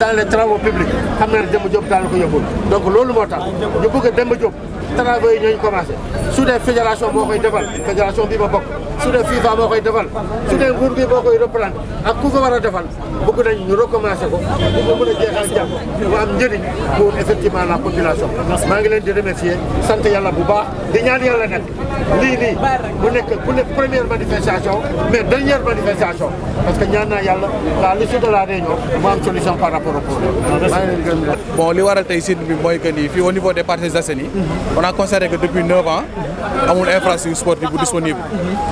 dans les travaux publics xam na ne Demba Diop daal la donc loolu moo tax ñu bëgg a Demba Diop travaux yi ñooñu commencé su dee fédération moo koy defal fédération bi ma bokk su dee FIFA moo koy defal su dee nguur gi moo koy reprendre ak ku ko war a defal bëgg nañ ñu recommencé ko bu mën a jeexal jàmm mu am njëriñ pour effectivement la population maa ngi leen di remercier sant yàlla bu baax di ñaan yàlla nag lii nii mu nekk bu nekk première manifestation mais dernière manifestation parce que ñaan naa yàlla la liste de par rapport au ah, maa ngi leen gërëm bon li war a site bi mooy fii au niveau des on a constaté que depuis 9 ans amul infrastructure sportive bu disponible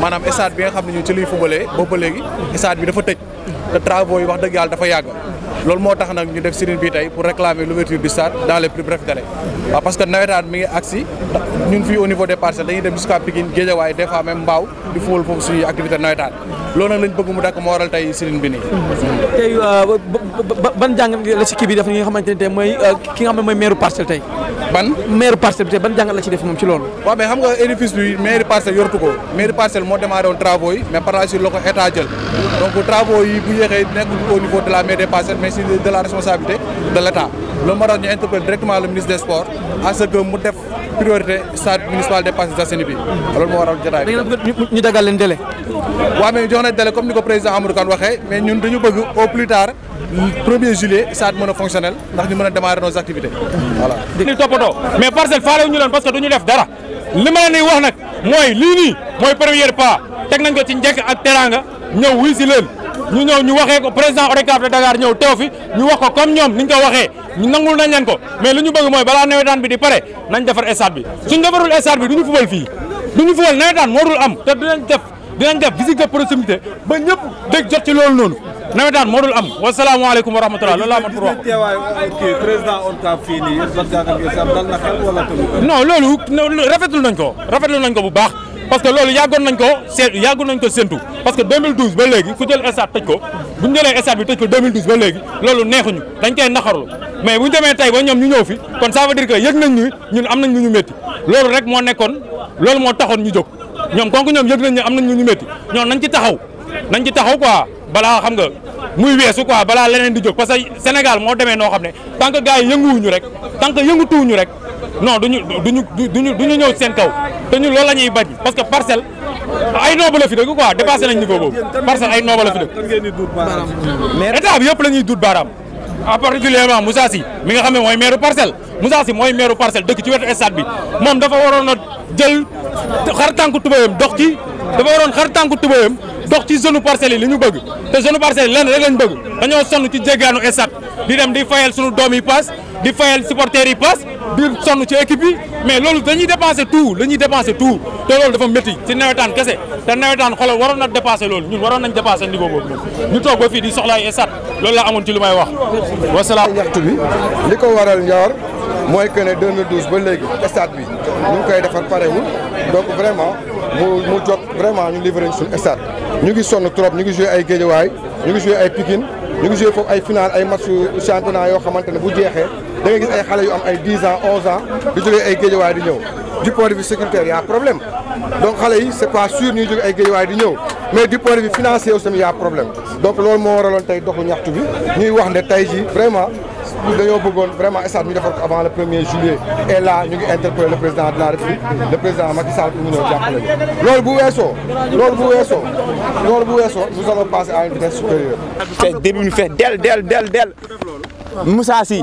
maanaam stade bi nga xam ne ñu ci liy fubalee boobu ba léegi stade bi dafa tëj te travaux yi wax dëgg yàlla dafa yàgg loolu moo tax nag ñu def sirine bi tey pour réclamer l'ouverture du stade dans les plus brefs délais waaw parce que nawetaan mi ngi agsi ñun fii au niveau des parcelles dañuy dem jusqu'à Pikine Guédiawaye des fois même Mbao di fóol foofu suñuy activité nawetaan loolu nag lañ bëgg mu dakk moo tey sirine bi nii tey euh, ban jàngat la si kii def nga euh, ki nga xam ne mooy maire parcelle tey ban maire parcelle bi tey ban jàngat la ci def moom ci loolu waaw mais xam nga édifice aussi de la responsabilité de l'État loolu moo tax ñu interpelle directement le ministre des sports à ce que mu def priorité stade municipal des Parcelles Assainies bi loolu moo waral jotaay ñu dagal leen délai waaw mais jox nañ délai comme ni ko président Amadou waxee mais ñun dañu bëgg au plus tard premier juillet stade mën a fonctionnel ndax ñu mën a démarrer nos activités voilà ni toppatoo mais parcelle faale ñu leen parce que duñu def dara li ma leen di wax nag mooy ñu ñëw ñu waxee ko président ODCAV de Dakar ñëw teew fi ñu wax ko comme ñoom ni ñu ko waxee ñu nangul nañ leen ko mais li ñu bëgg mooy balaa nawetaan bi di pare nañ defar stade bi suñ defarul stade bi du ñu fubal fii du ñu fubal nawetaan moo dul am te dinañ def dinañ def visite de proximité ba ñëpp dégg jot ci loolu noonu nawetaan moo am wasalaamaaleykum wa rahmatulah loolu laa mën pour wax loolu rafetlu nañ ko rafetlu nañ ko bu baax parce que loolu yàggoon nañ ko seet yàggoon nañ ko séntu parce que 2012 ba léegi ku jël stade tëj ko bu ñu jëlee stade bi tëj ko ba léegi loolu neexuñu dañ koy naxarlu mais bu ñu demee tey ba ñoom ñu ñëw fi kon ça veut dire que yëg nañ ñu ñun am nañ lu ñu métti loolu rek moo nekkoon loolu moo taxoon ñu jóg ñoom kon ñoom yëg nañ ñu am nañ lu ñu métti ñoom nañ ci taxaw nañ ci taxaw quoi balaa xam nga muy weesu quoi balaa leneen di jóg parce que Sénégal moo demee noo xam ne tant que gars yi yënguwuñu rek tant que yëngutuwuñu rek non duñu duñu duñu duñu ñëw seen kaw te ñun parce que parcelle ay noobu la fi dëkk quoi dépassé nañ niveau Il parcelle ay noobu fi dëkk état bi yëpp à ñuy en particulièrement Moussa mi nga parcelle Moussa dëkk ci a stade bi dafa a jël xar tànku Il dox ci dafa waroon xar zone parcelle yi li zone parcelle rek bir sonn ci équipe bi mais loolu dañuy dépenser tout dañuy ñuy tout te loolu dafa métti ci nawetaan kese te nawetaan xoolal waroon na dépasser loolu ñun waroon nañ dépasser niveau boobu ñu toog ba fii di soxla ay stade loolu laa amoon ci lu may wax. wasalaam ñaxtu bi li ko waral Nior mooy que ne 2012 ba léegi stade bi ñu ngi koy defar parewul donc vraiment mu mu jot vraiment ñu livré suñu stade ñu ngi sonn trop ñu ngi joué ay Guédiawaye ñu ngi joué ay Pikine ñu ngi joué foofu ay final ay match championnat yoo xamante ne bu jeexee da ngay gis ay xale yu am ay 10 ans 11 ans di jógee ay géejawaay di ñëw du point de vue sécuritaire y' a problème donc xale yi c' est pas sûr ñuy jóge ay géejawaay di ñëw mais du point de vue financier aussi y' a problème donc loolu moo waraloon tey doxu ñaxtu bi ñuy wax ne tey jii vraiment dañoo bëggoon vraiment stade ñu defar ko avant le 1er juillet et là ñu ngi interpellé le président de la république le président Macky Sall pour mu ñëw jàppale ñu loolu bu weesoo loolu bu weesoo loolu bu weesoo nous allons passer à une vitesse supérieure fees début bi fees del del del del Moussa Sy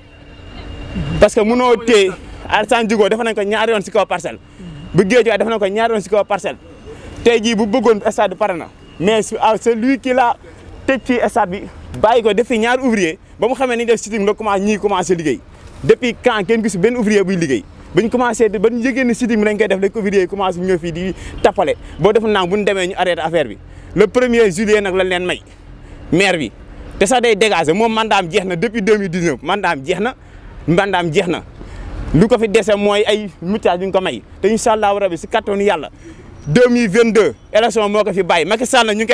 parce que mëno té Alassane Djigo def nañ ko ñaari yon ci kaw parcel bu Guédiawaye def nañ ko ñaari yon ci kaw parcel tay ji bu bëggoon stade parana mais ah, c'est lui qui l'a tecc ci stade bi bayiko def fi ñaari ouvrier ba mu xamé ni def sitting do commencé ñi commencé liggéey depuis quand kenn gis ben ouvrier bu liggéey buñ commencé ba ñu yëgee ne sitting dañ koy def rek ouvrier commencé ñëw fi di tapalé bo def na buñ démé ñu arrêter affaire bi le premier juillet nak lañ len may maire bi té sax day dégager moom mandam jeexna depuis 2019 mandam jeexna lu ko fi déssé moy ay mutage ko may té inshallah rabbi si 2022 élection moko fi baye Macky ñu ngi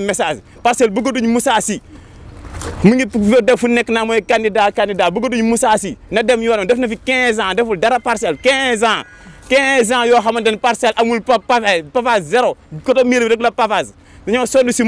message parce que bëggatuñu Moussa Sy mu ngi def nek na moy candidat candidat candidat bëggatuñu Moussa Sy na dem yoonam def na fi 15 ans deful dara parcelle 15 ans 15 ans yo xamante parcel parcelle amul eh, pavage zéro côté mur rek la pavage sonu ci